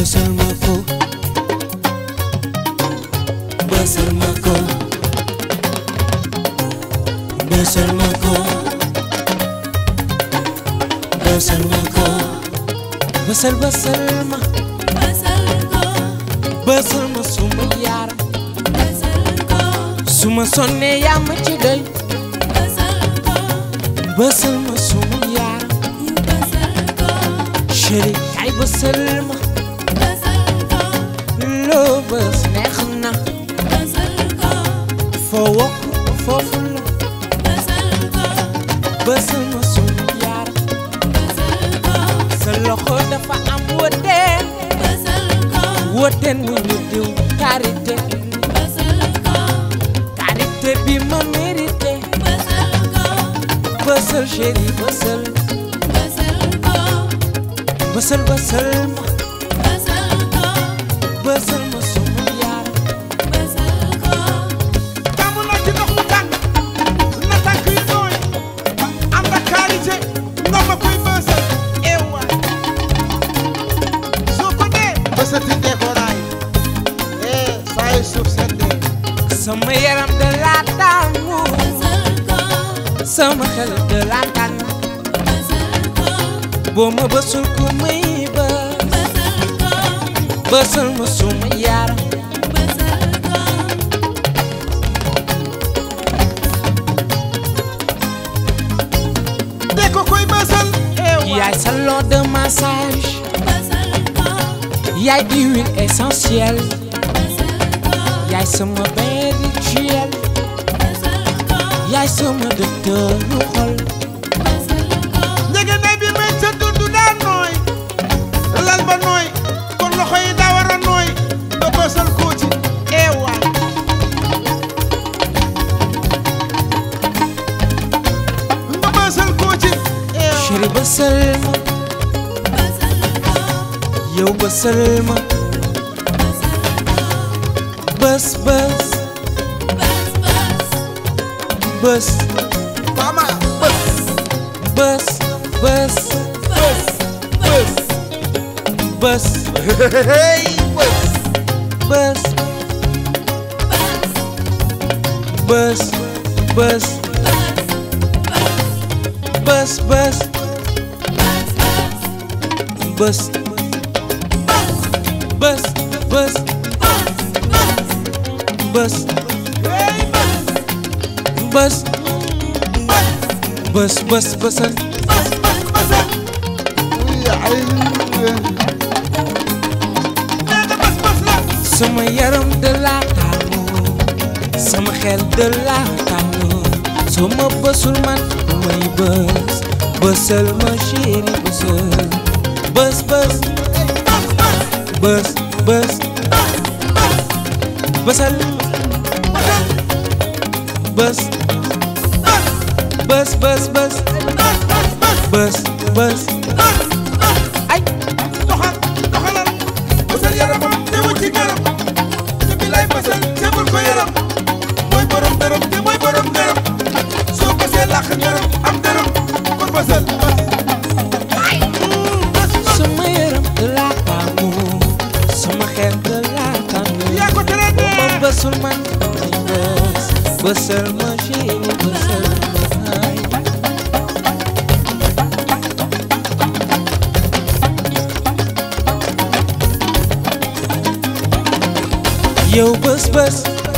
bësal ma ko bësal ma ko bësal ma ko bësal ma ko bësal ma bësal ko bësal ma suma yaara bësal yaa ma ci doy bësal ko bësal ma suma yaara bësal ko chéri kay bësal ma اللبس نخنا بزلقة فوق فوفل بزلقة بسم سميار بزلقة سلخو دفع عم ودين بزلقة ودين ويدو كاريتي بزلقة كاريتي بما ميريتي بزلقة بسل شيري بسل بزلقة بسل بسل, بسل sëfite ko raay ee eh, saa yu suuf seddee sama yaram da laa taamu sama xel da laa tànn boo ma bësul ko may bës bësul ma suma yaram de ko koy bësal eh, yaay salon de massage yaay huile essentielle yaay sama bain rituel yaay sama docteur lu xol njëgënay bi may sa dund daa nooy lal ba nooy kon loxo yi war a nooy nga bësal koo ci eewa nga bësal koo ci eewa chéri bësal ma yau ba salma bas bas bas mama bas bas bas bas bas bas bas bas bas bas bas bas bës bës bës bës bës bës bësal sama yaram de la taamu sama xel de la taamu soo ma bësul man may bës bësal ma chéri bësal bës bës bësal bës bës bës bës bës bës ay doxal doxalal bësal yaramam te wu ci garam te bilay bësal te bul ko yaram mooy borom dërëm te mooy borom dërëm soo bësee làq ngërëm am dërëm kon bësal Păsărmă și păsărmă hai Yo, bus, bus